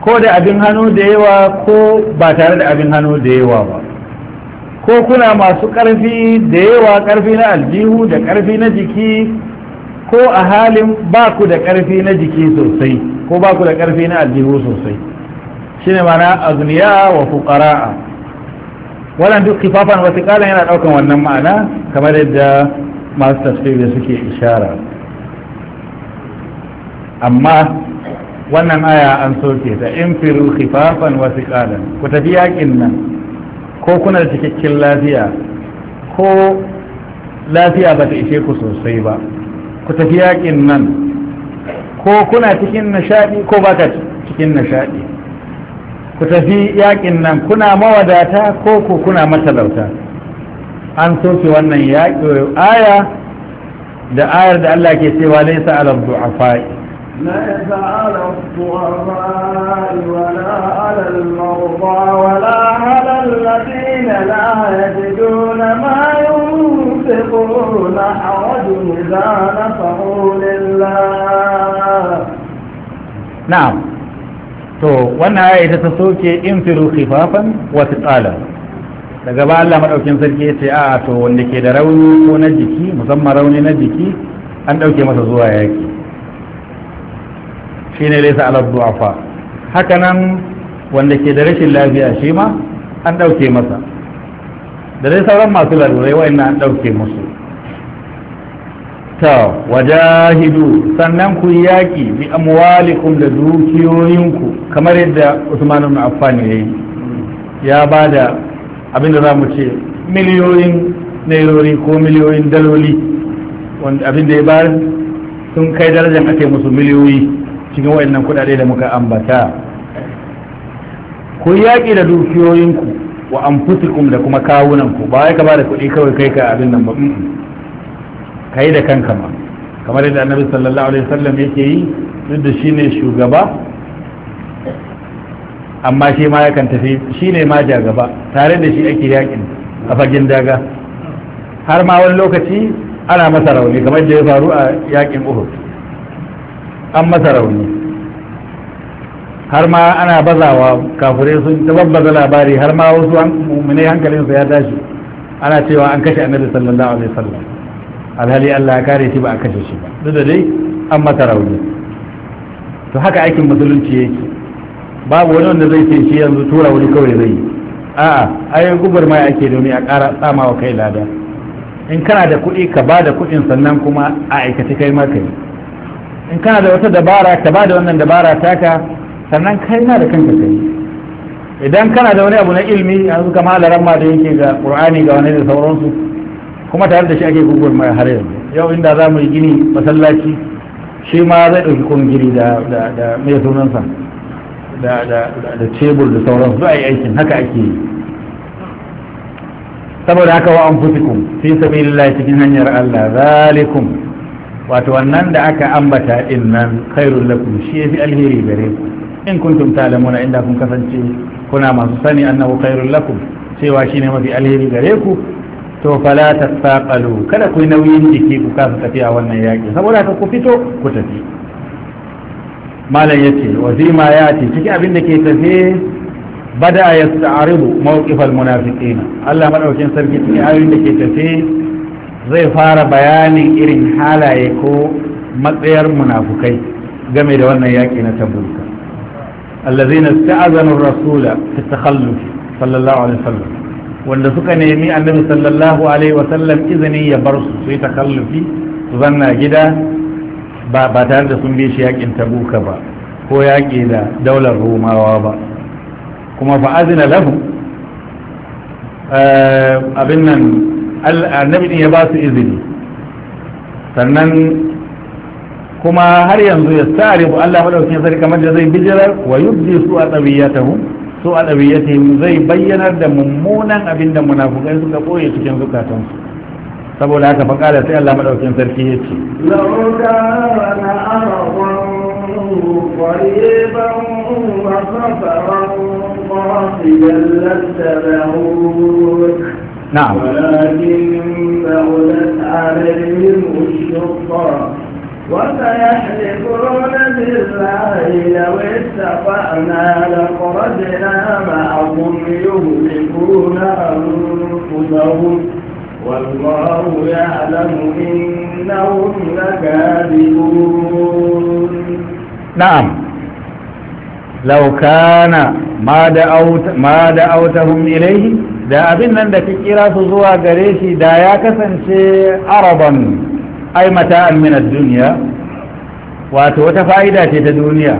ko da abin hannu da yawa ko ba tare da abin hannu da yawa ba ko kuna masu ƙarfi da yawa ƙarfi na aljihu da ƙarfi na jiki ko a halin ba ku da ƙarfi na jiki sosai ko ba ku da ƙarfi na aljihu sosai Shi ne mana azuniya wa fuqara'a wannan duk kifafan wasu ƙalan yana ɗaukan wannan ma'ana kamar yadda masu tafsiri suke ishara amma wannan aya an soke ta in firu khifafan wa thiqalan ku tafi yakin nan ko kuna da cikakken lafiya ko lafiya ba ta ishe ku sosai ba ku tafi yakin nan ko kuna cikin nishadi ko ba ka cikin nishadi ku tafi yakin nan kuna mawadata ko ku kuna matalauta an soke wannan yaƙi aya da ayar da Allah ke cewa laysa ala du'afa'i ليس على الضعفاء ولا على المرضى ولا على الذين لا يجدون ما ينفقون حرج إذا نفعوا لله نعم to wannan aya ita ta soke infiru khifafan wa tsala daga ba Allah madaukin sarki ya ce a to wanda ke da rauni ko na jiki musamman rauni na jiki an dauke masa zuwa yaki Shi ne laisa ala du'afa haka nan wanda ke da rashin lafiya shi ma an ɗauke masa da dai sauran masu lalurai wa'annan an ɗauke musu ta wajahidu sannan ku yaƙi bi amwalikum da dukiyoyinku kamar yadda Usman ibn Affan yayi ya ba da abin da za mu ce miliyoyin nairori ko miliyoyin daloli wanda abin da ya ba sun kai darajar ake musu miliyoyi cikin wayannan kudade da muka ambata ku yaƙi da dukiyoyinku wa anfusikum da kuma kawunanku ba wai ka ba da kuɗi kawai kai ka abin nan ba kai da kanka ma kamar yadda annabi sallallahu alaihi wasallam yake yi duk da shine shugaba amma shi ma yakan tafi shine ma ja-gaba. tare da shi ake yakin a fagen daga har ma wani lokaci ana masa rauni kamar da ya faru a yakin Uhud an masa rauni har ma ana bazawa kafure sun ta babbaza labari har ma wasu mummune su ya tashi ana cewa an kashe annabi sallallahu alaihi wasallam alhali Allah ya kare shi ba a kashe shi ba duk da dai an masa rauni to haka aikin musulunci yake babu wani wanda zai ce shi yanzu tura wani kawai zai yi a'a ai gubar mai ake domin a ƙara tsama wa kai lada in kana da kuɗi ka ba da kuɗin sannan kuma a aikace kai ma kai in kana da wata dabara ka ba da wannan dabara taka sannan kai na da kanka kai idan kana da wani abu na ilmi yanzu kama da ramma da yake ga qur'ani ga wani da sauransu kuma tare da shi ake gugur mai har yanzu yau inda za mu yi gini masallaci shi ma zai ɗauki kungiri da mai sunansa da da da tebur da sauransu duk ai aikin haka ake yi saboda haka wa anfusikum fi sabilillah cikin hanyar Allah zalikum wato wannan da aka ambata din nan khairul lakum shi yafi alheri gare ku in kuntum ta'lamuna inda kun kasance kuna masu sani annahu khairul lakum cewa shine mafi alheri gare ku to fala tasaqalu kada ku nauyin jiki ku kasa tafiya wannan yaki saboda haka ku fito ku tafi malam yace wazima ya ce cikin abin da ke tafe bada ya sta'aribu mawqifal munafiqina Allah madaukin sarki cikin abin da ke tafe zai fara bayanin irin halaye ko matsayar munafukai game da wannan yaƙi na tabuka allazina sta'azanu rasula fi takhalluf sallallahu alaihi wasallam wanda suka nemi annabi sallallahu alaihi wasallam izini ya bar su su yi takallufi su zanna gida ba ba tare da sun bi shi yakin tabuka ba ko yaƙi da daular romawa ba kuma fa'azina lahu eh, abin nan annabi din ya ba su izini sannan kuma har yanzu ya tsare sarifu Allah madaukakin sarki kamar da zai bijirar wa yubdi su a tsabiyatahu su a tsabiyatahu zai bayyana da mummunan abin da munafikai suka boye cikin zukatansu saboda haka fakala sai Allah madaukakin sarki ya ce قريبا وخبرا قاصدا لاتبعوك نعم ولكن بعدت عليهم الشقة وسيحلفون بالله لو اتفقنا لخرجنا معهم يهلكون أنفسهم والله يعلم إنهم لكاذبون نعم لو كان ما دعوت ما دعوتهم إليه da abin nan da ka kira su zuwa gare shi da ya kasance araban ai mata'an min ad-dunya wato wata fa'ida ce ta duniya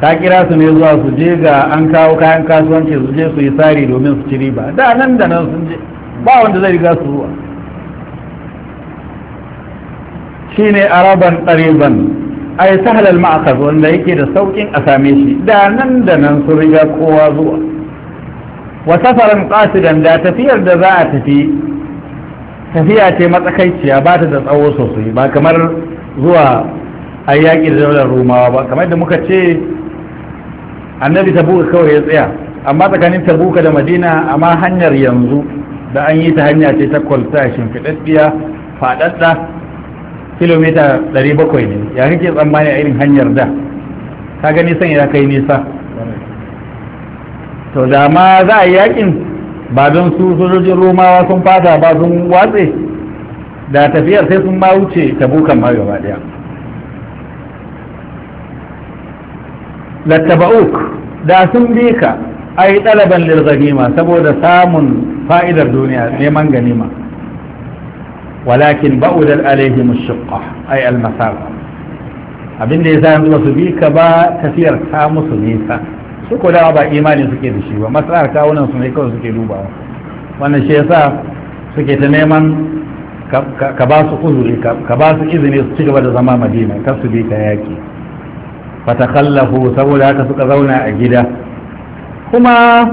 ta kira su ne zuwa su je ga an kawo kayan kasuwanci su je su yi tsari domin su ci riba da nan da nan sun je ba wanda zai riga su zuwa Shi ne araban qariban ai sahalal ma'akhaz wanda yake da sauƙin a same shi da nan da nan sun riga kowa zuwa wa safaran qasidan da tafiyar da za a tafi tafiya ce matsakaiciya ba ta da tsawo sosai ba kamar zuwa a yaƙi da daular rumawa ba kamar da muka ce annabi tabuka kawai ya tsaya amma tsakanin tabuka da madina amma hanyar yanzu da an yi ta hanya ce ta kwalta shimfiɗaɗɗiya faɗaɗɗa kilomita 700 ne ya kake tsammani a irin hanyar da ka gani sanya ya kai nisa to da ma za a yi yakin ba don su sojojin romawa sun fata ba sun watse da tafiyar sai sun ma wuce tabukan ma gaba daya lattaba'uk da sun bi ka ai ɗalaban lirganima saboda samun fa'idar duniya neman ganima walakin ba'udal alaihim shiqqa ai almasaba abinda yasa yanzu ba su bi ka ba tafiyar ta musu nisa su ko dawa ba imani suke da shi ba matsalar kawunan su ne kawai suke dubawa wannan shi yasa suke ta neman ka ba su uzuri ka ba su izini su ci gaba da zama madina kar su bi ka yaki fatakallafu saboda haka suka zauna a gida kuma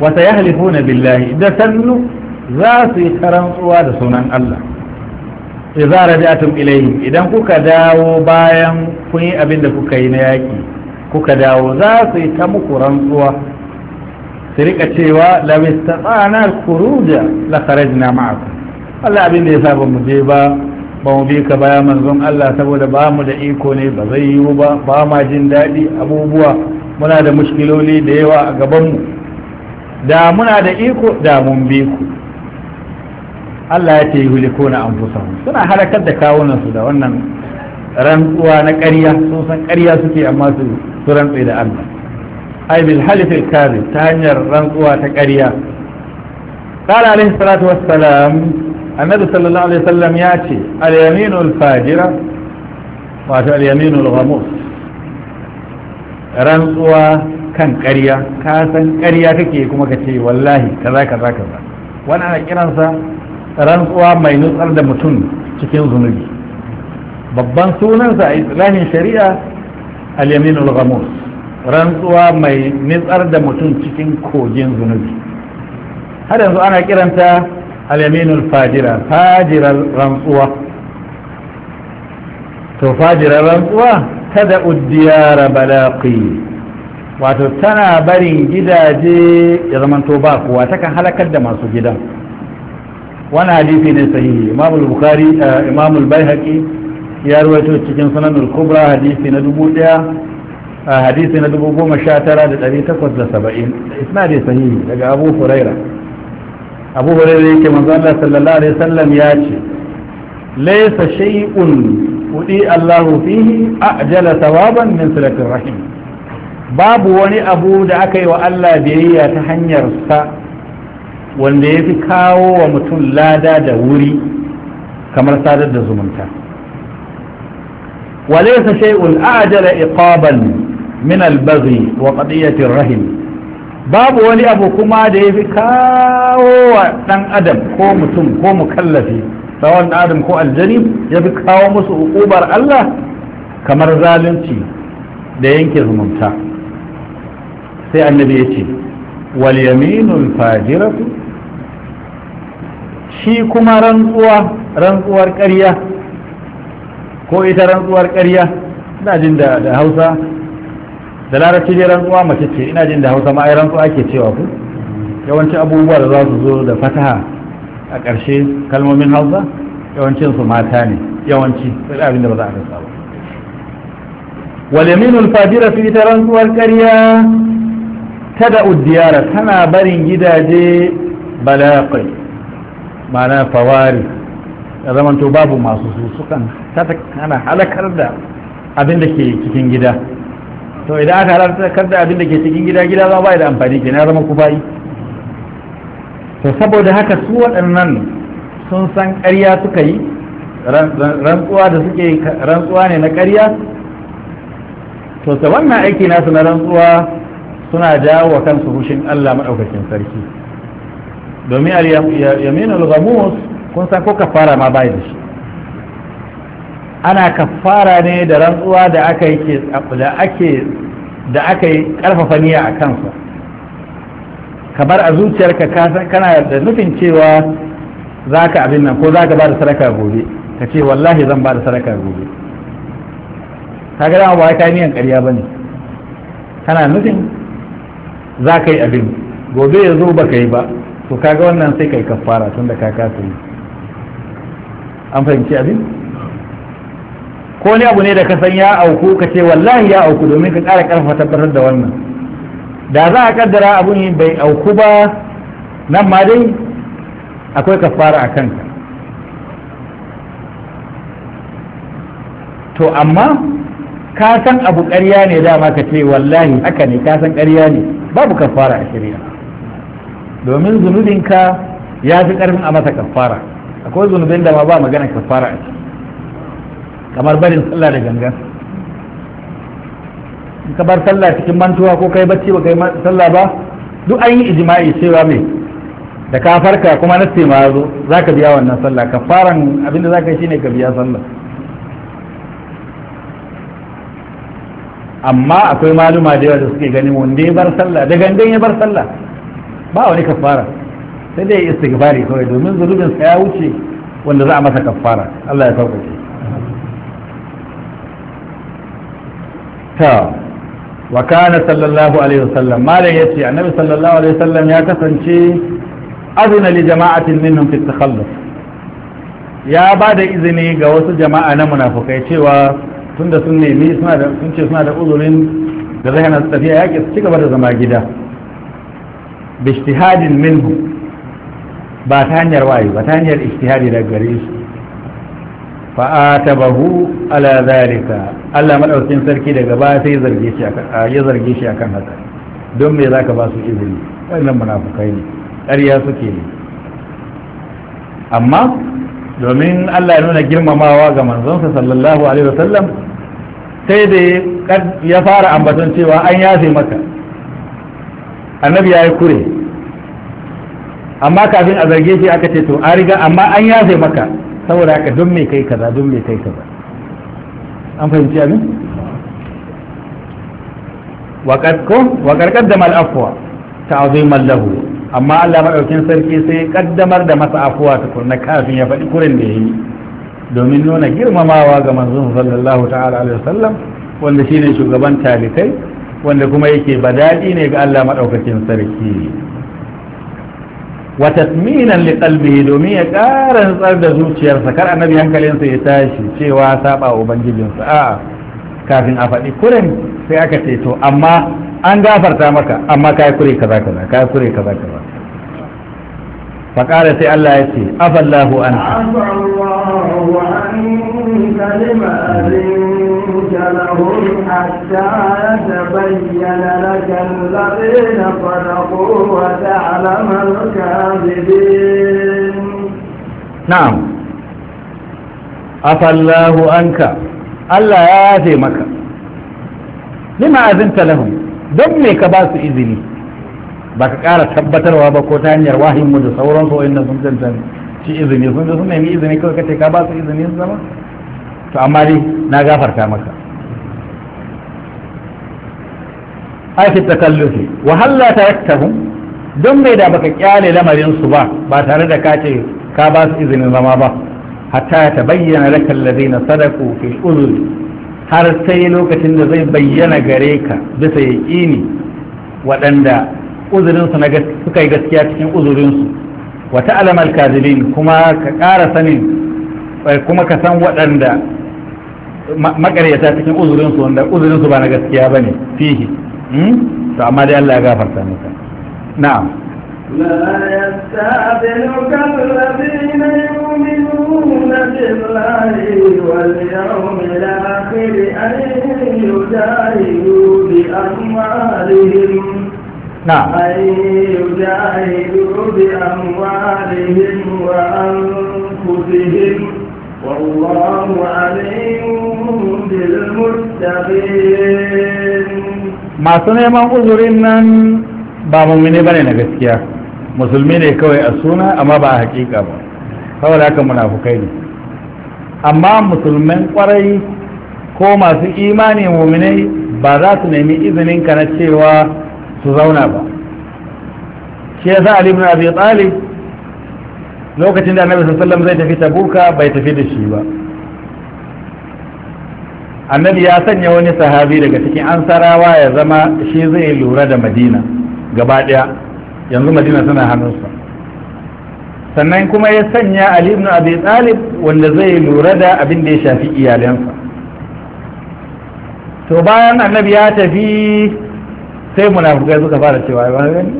wata ya halifuna billahi da sannu za su yi karantsuwa da sunan Allah idza raja'tum ilayhi idan kuka dawo bayan kun yi abin da kuka yi na yaki kuka dawo za su yi ta muku rantsuwa su rika cewa lawistafana kuruja la kharajna ma'akum Allah abin da ya saba mu je ba ba mu bi ka baya manzon Allah saboda ba mu da iko ne ba zai yiwu ba ba ma jin daɗi abubuwa muna da mushkiloli da yawa a gaban mu da muna da iko da mun bi ku Allah ya ce yi huli ko na an suna halakar da kawunansu da wannan rantsuwa na ƙarya sun san ƙarya suke amma su su rantse da Allah ai bil halifil kadhib ta hanyar rantsuwa ta ƙarya qala alaihi salatu wassalam annabi sallallahu alaihi wasallam ya ce al yaminu al fajira wato al yaminu al ghamus rantsuwa kan ƙarya ka san ƙarya kake kuma ka ce wallahi kaza kaza kaza wani ana kiransa rantsuwa mai nutsar da mutum cikin zunubi babban sunansa a islahin shari'a al-yaminul rantsuwa mai nitsar da mutum cikin kogin zunubi har yanzu ana kiranta al-yaminul rantsuwa to fajirar rantsuwa tada uddiyara balaqi wato tana barin gidaje ya zamanto ba kowa takan halakar da masu gidan wani hadisi ne sahihi imamul bukhari eh, imamul baihaqi ya ruwaito cikin sananul kubra hadisi na dubu daya a hadisi na dubu goma sha tara da ɗari takwas da saba'in isna da sahihi daga abu huraira abu huraira yake manzo Allah sallallahu alaihi wasallam ya ce laysa shay'un udi Allahu fihi ajala thawaban min silatir rahim babu wani abu da aka yi wa Allah biyayya ta hanyar sa wanda ya fi kawo wa mutum lada da wuri kamar sadar da zumunta وليس شيء أعجل إقابا من البغي وقضية الرهن باب ولي أبو كما دي في كاو دان أدم كو متم كو مكلفي سواء آدم كو الجنيب يبي كاو مسو أقوبر الله كمر ظالمتي da yanke zumunta sai annabi ya ce walyaminul fajiratu shi kuma rantsuwa rantsuwar ƙarya ko ita rantsuwar ƙarya ina jin da hausa da larabci dai rantsuwa mace ce ina jin da hausa ma ai rantsuwa ake cewa ku yawancin abubuwa da za su zo da fataha a ƙarshe kalmomin hausa yawancin su mata ne yawanci sai abin da ba za a rasa ba wal yaminul fajira fi ita rantsuwar ƙarya da uddiyara tana barin gidaje balaqai ma'ana fawari ya zamanto babu masu su sukan ana halakar da abin da ke cikin gida to idan aka halakar da abin da ke cikin gida gida za ba da amfani ke na zama ku bayi to saboda haka su waɗannan sun san ƙarya suka yi rantsuwa da suke rantsuwa ne na ƙarya to ta wannan aiki nasu na rantsuwa suna jawo wa kansu rushin Allah maɗaukakin sarki domin al-yaminul ghamus kun san ko kafara ma bai da shi ana kafara ne da rantsuwa da aka yi da ake da aka yi karfafa niyya a kansa kamar a zuciyarka kana da nufin cewa za ka abin nan ko za ka ba da sadaka gobe ka ce wallahi zan ba da sadaka gobe ka ga dama ba ka niyan ƙarya ba ne kana nufin za ka yi abin gobe ya zo ba ka yi ba to kaga wannan sai ka yi kafara tun da ka kasa yi an fahimci abin ko ne abu ne da ka san ya auku ka ce wallahi ya auku domin ka ƙara ƙarfa tabbatar da wannan da za a kaddara abun bai auku ba nan ma dai akwai ka fara a kanka to amma ka san abu ƙarya ne dama ka ce wallahi haka ne ka san ƙarya ne babu kafara a shirya. domin zunubinka ya fi ƙarfin a masa kafara akwai zunubin da ma ba magana ka fara a kamar barin sallah da gangan in ka bar sallah cikin mantuwa ko kai bacci ba kai sallah ba duk an yi ijma'i cewa me da ka farka kuma na ma zo za ka biya wannan sallah Ka faran abinda za ka yi shine ka biya sallah amma akwai maluma da yawa da suke ganin wanda ya bar sallah da gangan ya bar sallah ba wani kafara sai dai istighfari kawai domin zunubin sa ya wuce wanda za a masa kafara Allah ya sauƙaƙe ta wa kana sallallahu alaihi wasallam malam yace annabi sallallahu alaihi wasallam ya kasance azna li jama'atin minhum fi takhalluf ya ba da izini ga wasu jama'a na munafukai cewa tunda sun nemi suna da sun ce suna da uzurin da zai hana su tafiya yaƙi su ci gaba da zama gida bishtihadin minhum ba ta hanyar wayo ba ta hanyar ijtihadi daga gare shi fa atabahu ala zalika Allah madaukin sarki daga baya sai zarge shi akan ya zarge shi akan haka don me zaka ba su izini wannan munafukai ne ƙarya suke ne amma domin Allah ya nuna girmamawa ga manzonsa sallallahu alaihi wasallam sai da ya fara ambaton cewa an yafe maka annabi ya yi kure amma kafin a zarge shi aka ce to an riga amma an yafe maka saboda haka don me kai kaza don me kai kaza an fahimci abin wa karkaddama ta azai mallahu amma Allah madaukin sarki sai kaddamar da masa afuwa ta tukunna kafin ya faɗi kurin da ya yi domin nuna girmamawa ga manzon sallallahu ta'ala alaihi wasallam wanda shine shugaban talikai wanda kuma yake badadi ne ga Allah madaukakin sarki wa tasminan li qalbihi domin ya ƙara rantsar da zuciyarsa kar annabi sa ya tashi cewa saba ubangijinsa a kafin a faɗi kuren sai aka ce to amma an gafarta maka amma kai kure kaza kaza kai kure kaza kaza fa ƙara sai Allah ya ce afallahu an الله حتى يتبين لك الذين صدقوا وتعلم الكاذبين نعم عفى الله أنك ألا ya لما أذنت لهم azinta lahum إذني baka ka ƙara tabbatarwa ba ko ta hanyar wahin mu da sauransu wa'inda sun cancan shi izini sun sun nemi izini kawai kace ka ba su izini su zama to amma dai na gafarta maka ai fi takallufi wa halla taraktahum don mai da baka kyale lamarin su ba ba tare da ka ce ka ba su izinin zama ba hatta ya tabayyana lakal ladina sadaku fi uzuri har sai lokacin da zai bayyana gare ka bisa yaƙini waɗanda uzurinsu na suka yi gaskiya cikin uzurinsu wa ta'lam al-kadhibin kuma ka ƙara sanin eh, kuma ka san waɗanda makaryata cikin uzurinsu wanda uzurinsu ba na gaskiya bane fihi to amma dai Allah ya gafarta maka na'am لا يستعجلك الذين يؤمنون بالله واليوم الآخر أن يجاهدوا بأموالهم نعم أن يجاهدوا بأموالهم وأنفسهم والله عليم بالمتقين masu neman uzurin nan ba mummune ne na gaskiya musulmi ne kawai a suna amma ba a hakika ba saboda haka munafukai ne amma Musulmin kwarai ko masu imani mummune ba za su nemi izinin ka na cewa su zauna ba shi ya sa ibn abi talib lokacin da annabi sallallahu alaihi wasallam zai tafi tabuka bai tafi da shi ba annabi ya sanya wani sahabi daga cikin ansarawa ya zama shi zai lura da madina gaba daya yanzu madina tana hannunsa sannan kuma ya sanya ali ibn abi talib wanda zai lura da abin da ya shafi iyalansa to bayan annabi ya tafi sai munafukai suka fara cewa ya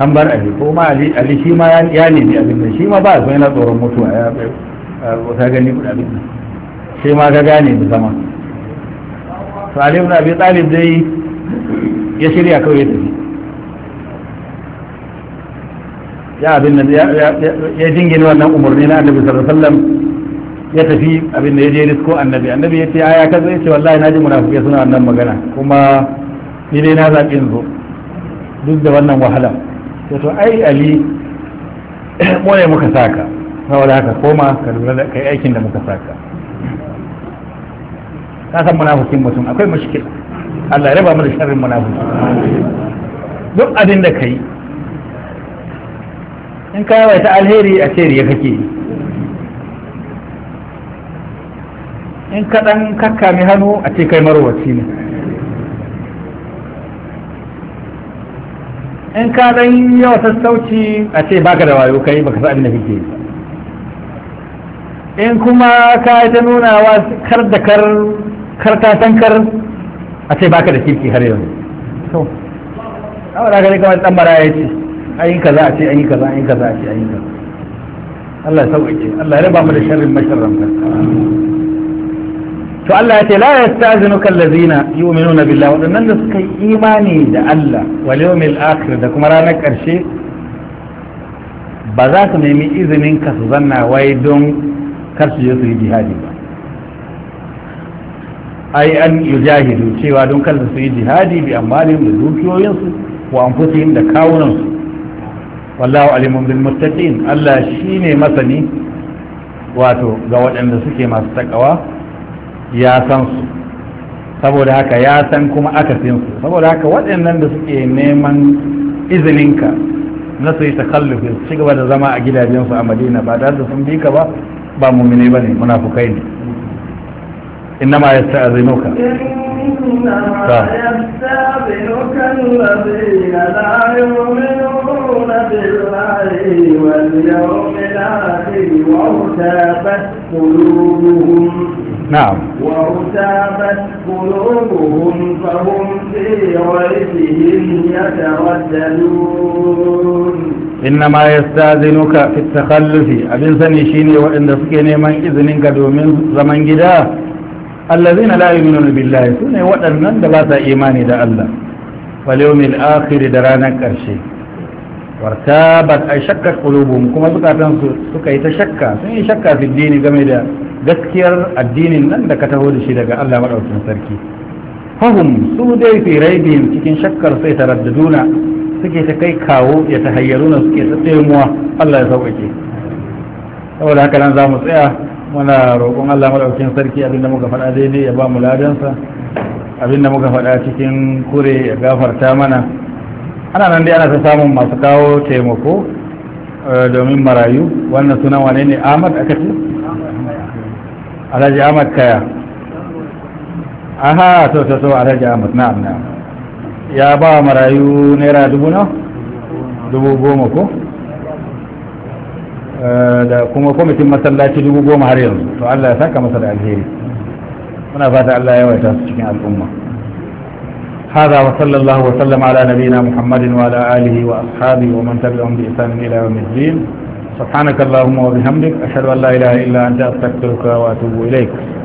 an bar ali ko ma ali ali shi ma ya nemi abin nan shi ma ba su yana tsoron mutuwa ya ta gani kuɗa abin nan shi ma ga gane da zama to ali ibn abi talib dai ya shirya kawai ya tafi ya abin nan ya jingine wannan umarni na annabi sallallahu alaihi wasallam ya tafi abin da ya je risko annabi annabi ya ce aya kaza ya ce wallahi na ji munafiki suna wannan magana kuma ni dai na zaɓi in zo duk da wannan wahala to ai ali mone ne muka saka saboda haka koma ka lura da kai aikin da muka saka ka san munafikin mutum akwai mushkila Allah ya raba mu da sharrin munafiki duk abin da kai in ka yawaita alheri a ce riya kake in ka dan kakkame hannu a ce kai marwaci ne in ka dan yawa sassauci a ce baka da wayo kai baka san abin da kake yi in kuma ka yi ta nunawa kar da kar kar ta san kar a ce baka da kirki har yanzu to awa da gani kamar dan bara ya ce a yi kaza a ce a yi kaza an yi kaza a ce a yi kaza Allah ya sauƙaƙe Allah ya raba mu da sharrin masharranta to Allah ya ce la yastazinuka allazina yu'minuna billahi wadannan da suka yi imani da Allah wal yawmil akhir da kuma ranar karshe ba za su nemi izinin ka su zanna wai don kar su yi jihadi ba ai an yujahidu cewa don kar su yi jihadi bi amalin da dukiyoyinsu wa anfusihim da kawunan su? wallahu alimun bil muttaqin Allah shine masani wato ga waɗanda suke masu takawa ya san su saboda haka ya san kuma su saboda haka waɗannan da suke neman izininka na su yi takallufi su ci gaba da zama a gidajensu a madina ba tare da sun bi ka ba ba mu mini ba ne munafukai ne innama ya sa azinuka يستعبدك الذين لا يؤمنون بالله واليوم الآخر وارتابت قلوبهم نعم وارتابت قلوبهم فهم في ريبهم يترددون إنما يستاذنك في التخلف أبن سني شيني وإن سكيني من إذنك دومين زمن جدا الذين لا يؤمنون بالله سنة وإن دبات إيماني دا الله واليوم الآخر درانك أرشي wartabat ay shakka qulubum kuma zukatan su suka yi ta shakka sun yi shakka fi dini game da gaskiyar addinin nan da ka taho da shi daga Allah madaukakin sarki fahum su dai fi raibin cikin shakkar sai taraddaduna suke ta kai kawo ya ta hayyaruna suke ta tsemuwa Allah ya sauƙaƙe saboda haka nan za mu tsaya muna roƙon Allah maɗaukin sarki abinda muka faɗa daidai ya ba mu ladansa abinda muka faɗa cikin kure ya gafarta mana ana nan dai ana ta samun masu kawo taimako eh, domin marayu wannan sunan wane ne ahmad aka ce alhaji ahmad kaya aha to to to alhaji ahmad na'am na'am ya ba marayu naira dubu na dubu goma ko eh, da kuma kwamitin masallaci dubu goma har yanzu to allah ya saka masa da alheri muna fata allah ya yawaita su cikin al'umma هذا وصلى الله وسلم على نبينا محمد وعلى آله وأصحابه ومن تبعهم بإحسان إلى يوم الدين سبحانك اللهم وبحمدك أشهد أن لا إله إلا أنت أستغفرك وأتوب إليك